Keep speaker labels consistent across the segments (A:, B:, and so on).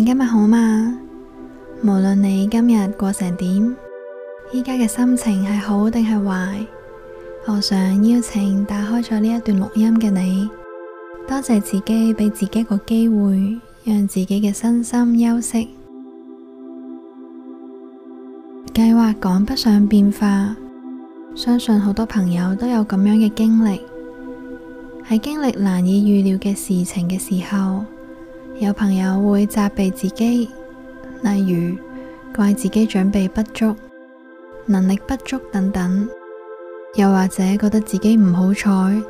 A: 你今日好嗎？無論你今日過成點，依家嘅心情係好定係壞，我想邀請打開咗呢一段錄音嘅你，多謝自己俾自己個機會，讓自己嘅身心休息。計劃趕不上變化，相信好多朋友都有咁樣嘅經歷，喺經歷難以預料嘅事情嘅時候。有朋友會責備自己，例如怪自己準備不足、能力不足等等，又或者覺得自己唔好彩，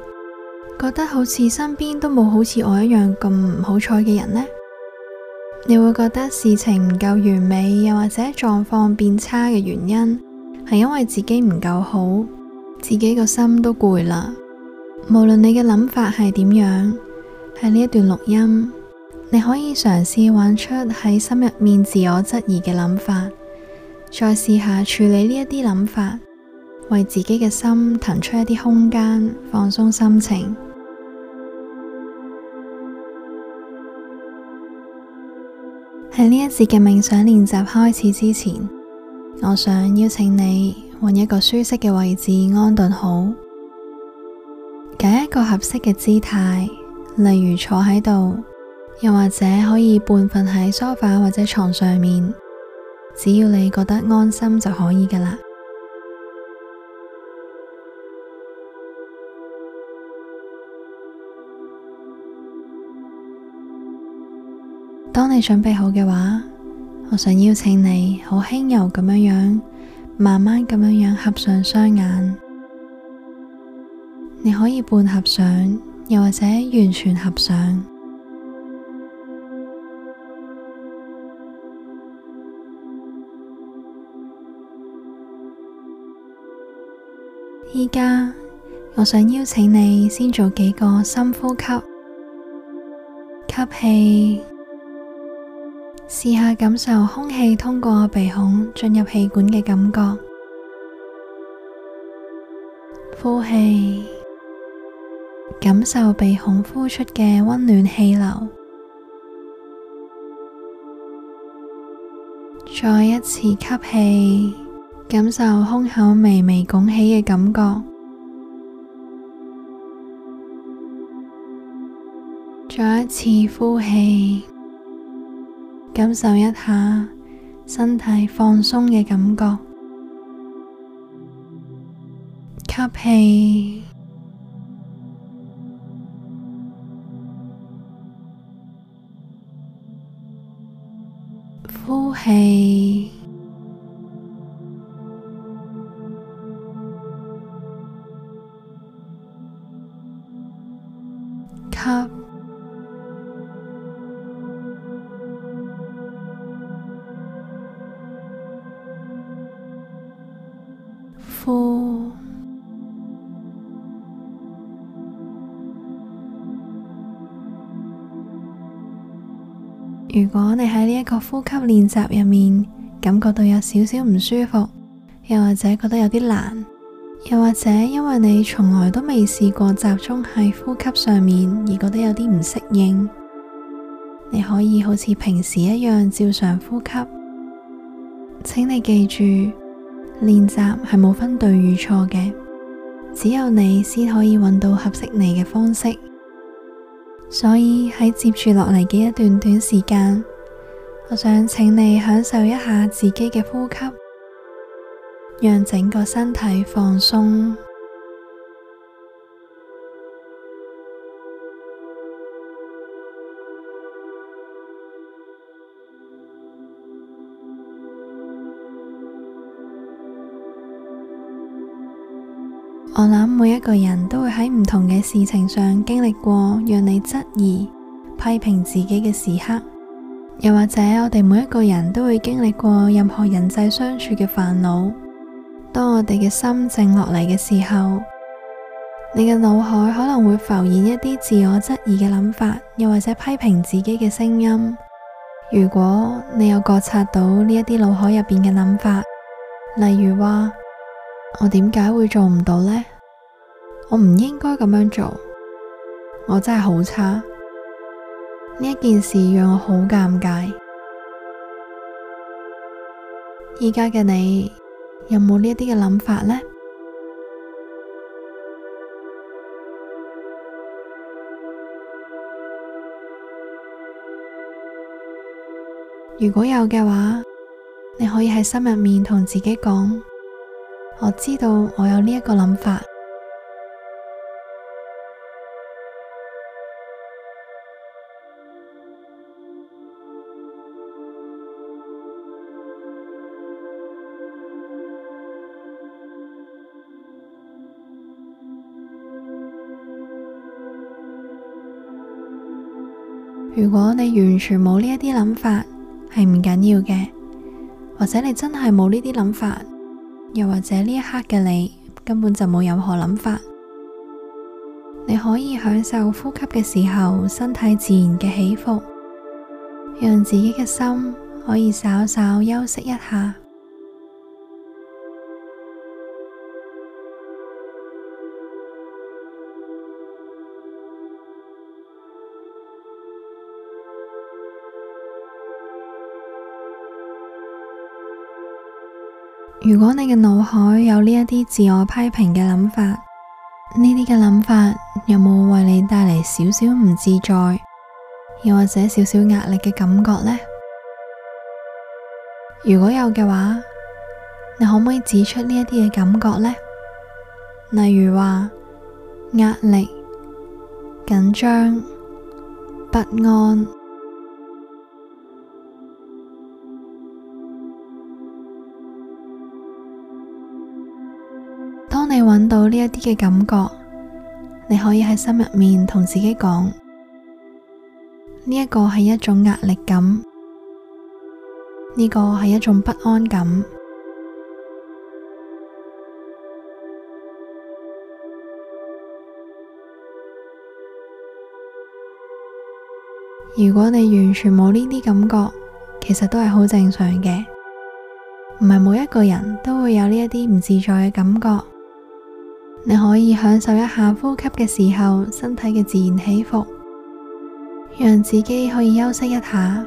A: 覺得好似身邊都冇好似我一樣咁唔好彩嘅人呢？你會覺得事情唔夠完美，又或者狀況變差嘅原因係因為自己唔夠好，自己個心都攰啦。無論你嘅諗法係點樣，喺呢一段錄音。你可以嘗試搵出喺心入面自我質疑嘅諗法，再試下處理呢一啲諗法，為自己嘅心騰出一啲空間，放鬆心情。喺呢一次嘅冥想練習開始之前，我想邀請你搵一個舒適嘅位置安頓好，揀一個合適嘅姿態，例如坐喺度。又或者可以半瞓喺梳化或者床上面，只要你覺得安心就可以噶啦。當你準備好嘅話，我想邀請你好輕柔咁樣樣，慢慢咁樣樣合上雙眼。你可以半合上，又或者完全合上。依家，我想邀請你先做幾個深呼吸。吸氣，試下感受空氣通過鼻孔進入氣管嘅感覺。呼氣，感受鼻孔呼出嘅溫暖氣流。再一次吸氣。感受胸口微微拱起嘅感覺，再一次呼氣，感受一下身體放鬆嘅感覺，吸氣，呼氣。如果你喺呢一個呼吸練習入面感覺到有少少唔舒服，又或者覺得有啲難，又或者因為你從來都未試過集中喺呼吸上面而覺得有啲唔適應，你可以好似平時一樣照常呼吸。請你記住。練習係冇分對與錯嘅，只有你先可以揾到合適你嘅方式。所以喺接住落嚟嘅一段短時間，我想請你享受一下自己嘅呼吸，讓整個身體放鬆。我諗每一個人都會喺唔同嘅事情上經歷過讓你質疑、批評自己嘅時刻，又或者我哋每一個人都會經歷過任何人際相處嘅煩惱。當我哋嘅心靜落嚟嘅時候，你嘅腦海可能會浮現一啲自我質疑嘅諗法，又或者批評自己嘅聲音。如果你有覺察到呢一啲腦海入邊嘅諗法，例如話。我點解會做唔到呢？我唔應該咁樣做，我真係好差。呢一件事讓我好尷尬。而家嘅你有冇呢一啲嘅諗法呢？如果有嘅話，你可以喺心入面同自己講。我知道我有呢一個諗法。如果你完全冇呢一啲諗法，係唔緊要嘅，或者你真係冇呢啲諗法。又或者呢一刻嘅你根本就冇任何諗法，你可以享受呼吸嘅時候，身體自然嘅起伏，讓自己嘅心可以稍稍休息一下。如果你嘅腦海有呢一啲自我批評嘅諗法，呢啲嘅諗法有冇為你帶嚟少少唔自在，又或者少少壓力嘅感覺呢？如果有嘅話，你可唔可以指出呢一啲嘅感覺呢？例如話，壓力、緊張、不安。搵到呢一啲嘅感覺，你可以喺心入面同自己講：呢一個係一種壓力感，呢個係一種不安感。如果你完全冇呢啲感覺，其實都係好正常嘅，唔係每一個人都會有呢一啲唔自在嘅感覺。你可以享受一下呼吸嘅時候，身體嘅自然起伏，讓自己可以休息一下。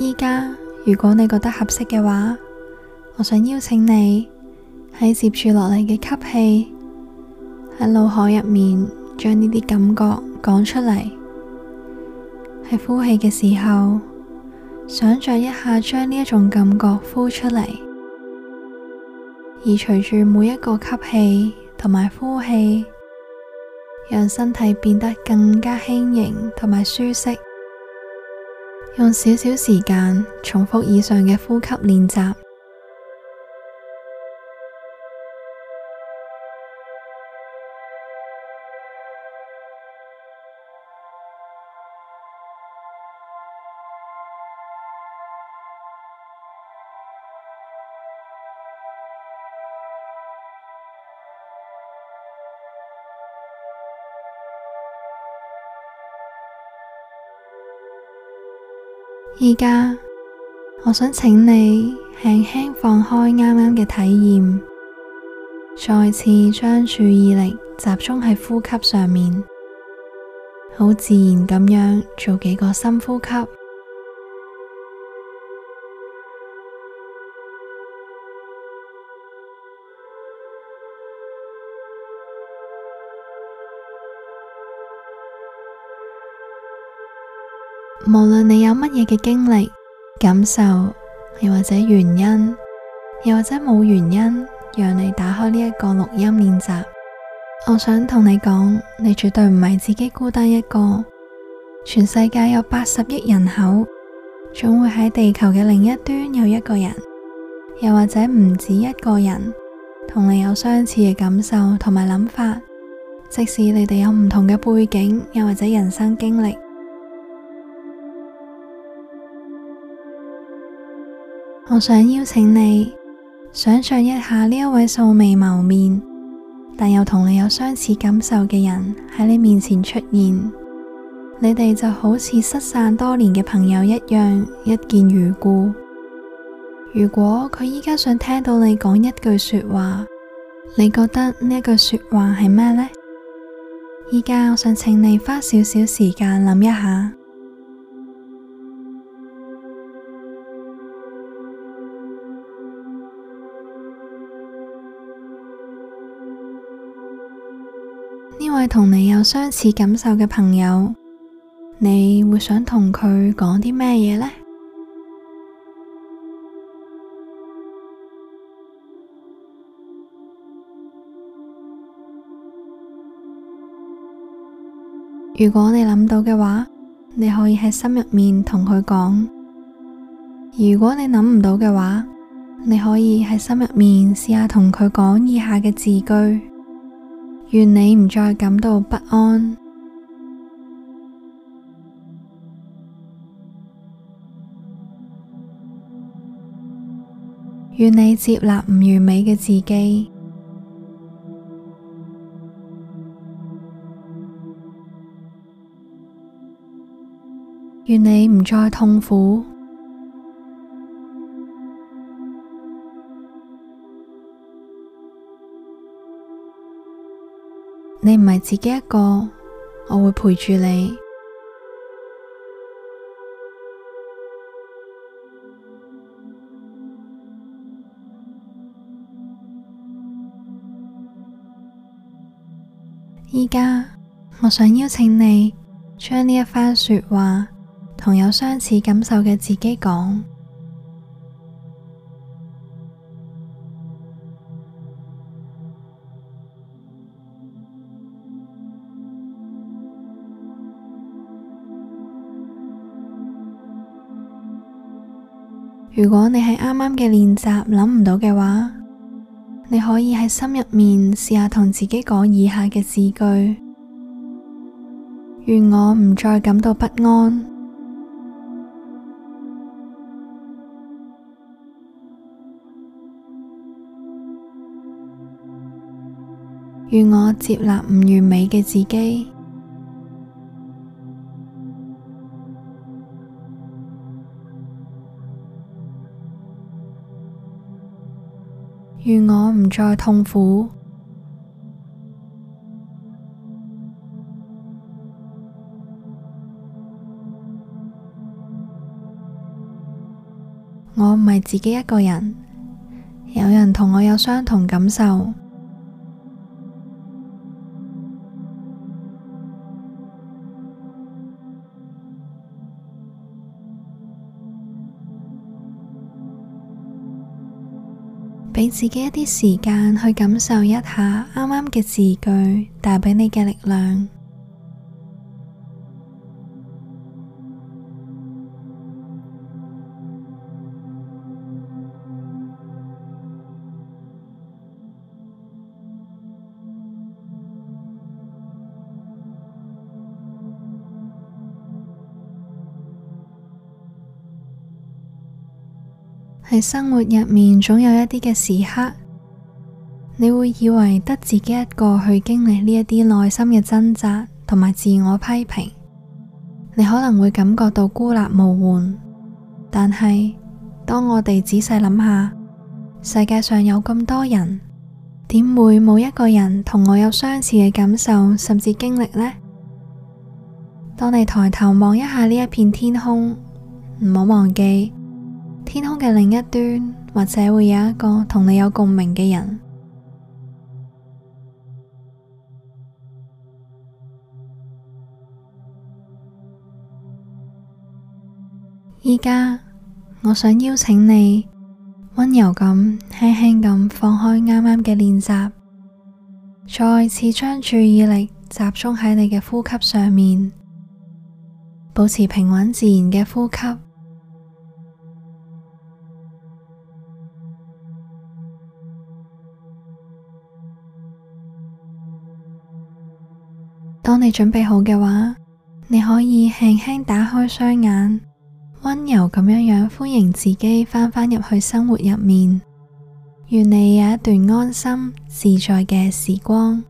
A: 而家，如果你覺得合適嘅話，我想邀請你喺接住落嚟嘅吸氣。喺腦海入面將呢啲感覺講出嚟，喺呼氣嘅時候，想象一下將呢一種感覺呼出嚟，而隨住每一個吸氣同埋呼氣，讓身體變得更加輕盈同埋舒適。用少少時間重複以上嘅呼吸練習。而家，我想請你輕輕放開啱啱嘅體驗，再次將注意力集中喺呼吸上面，好自然咁樣做幾個深呼吸。無論你有乜嘢嘅經歷、感受，又或者原因，又或者冇原因，讓你打開呢一個錄音練習，我想同你講，你絕對唔係自己孤單一個。全世界有八十億人口，總會喺地球嘅另一端有一個人，又或者唔止一個人，同你有相似嘅感受同埋諗法，即使你哋有唔同嘅背景，又或者人生經歷。我想邀請你想象一下呢一位素未謀面但又同你有相似感受嘅人喺你面前出現，你哋就好似失散多年嘅朋友一樣，一見如故。如果佢而家想聽到你講一句說話，你覺得呢一句說話係咩呢？而家我想請你花少少時間諗一下。呢位同你有相似感受嘅朋友，你會想同佢講啲咩嘢呢？如果你諗到嘅話，你可以喺心入面同佢講；如果你諗唔到嘅話，你可以喺心入面試下同佢講以下嘅字句。願你唔再感到不安，願你接納唔完美嘅自己，願你唔再痛苦。你唔係自己一個，我會陪住你。而家，我想邀請你將呢一番說話同有相似感受嘅自己講。如果你喺啱啱嘅練習諗唔到嘅話，你可以喺心入面試下同自己講以下嘅字句：願我唔再感到不安，願我接納唔完美嘅自己。再痛苦，我唔係自己一個人，有人同我有相同感受。自己一啲時間去感受一下啱啱嘅字句帶畀你嘅力量。喺生活入面，總有一啲嘅時刻，你會以為得自己一個去經歷呢一啲內心嘅掙扎同埋自我批評，你可能會感覺到孤立無援。但係當我哋仔細諗下，世界上有咁多人，點會冇一個人同我有相似嘅感受甚至經歷呢？當你抬頭望一下呢一片天空，唔好忘記。天空嘅另一端，或者會有一個同你有共鳴嘅人。而家，我想邀請你温柔咁、輕輕咁放開啱啱嘅練習，再次將注意力集中喺你嘅呼吸上面，保持平穩自然嘅呼吸。當你準備好嘅話，你可以輕輕打開雙眼，溫柔咁樣樣歡迎自己返返入去生活入面，願你有一段安心自在嘅時光。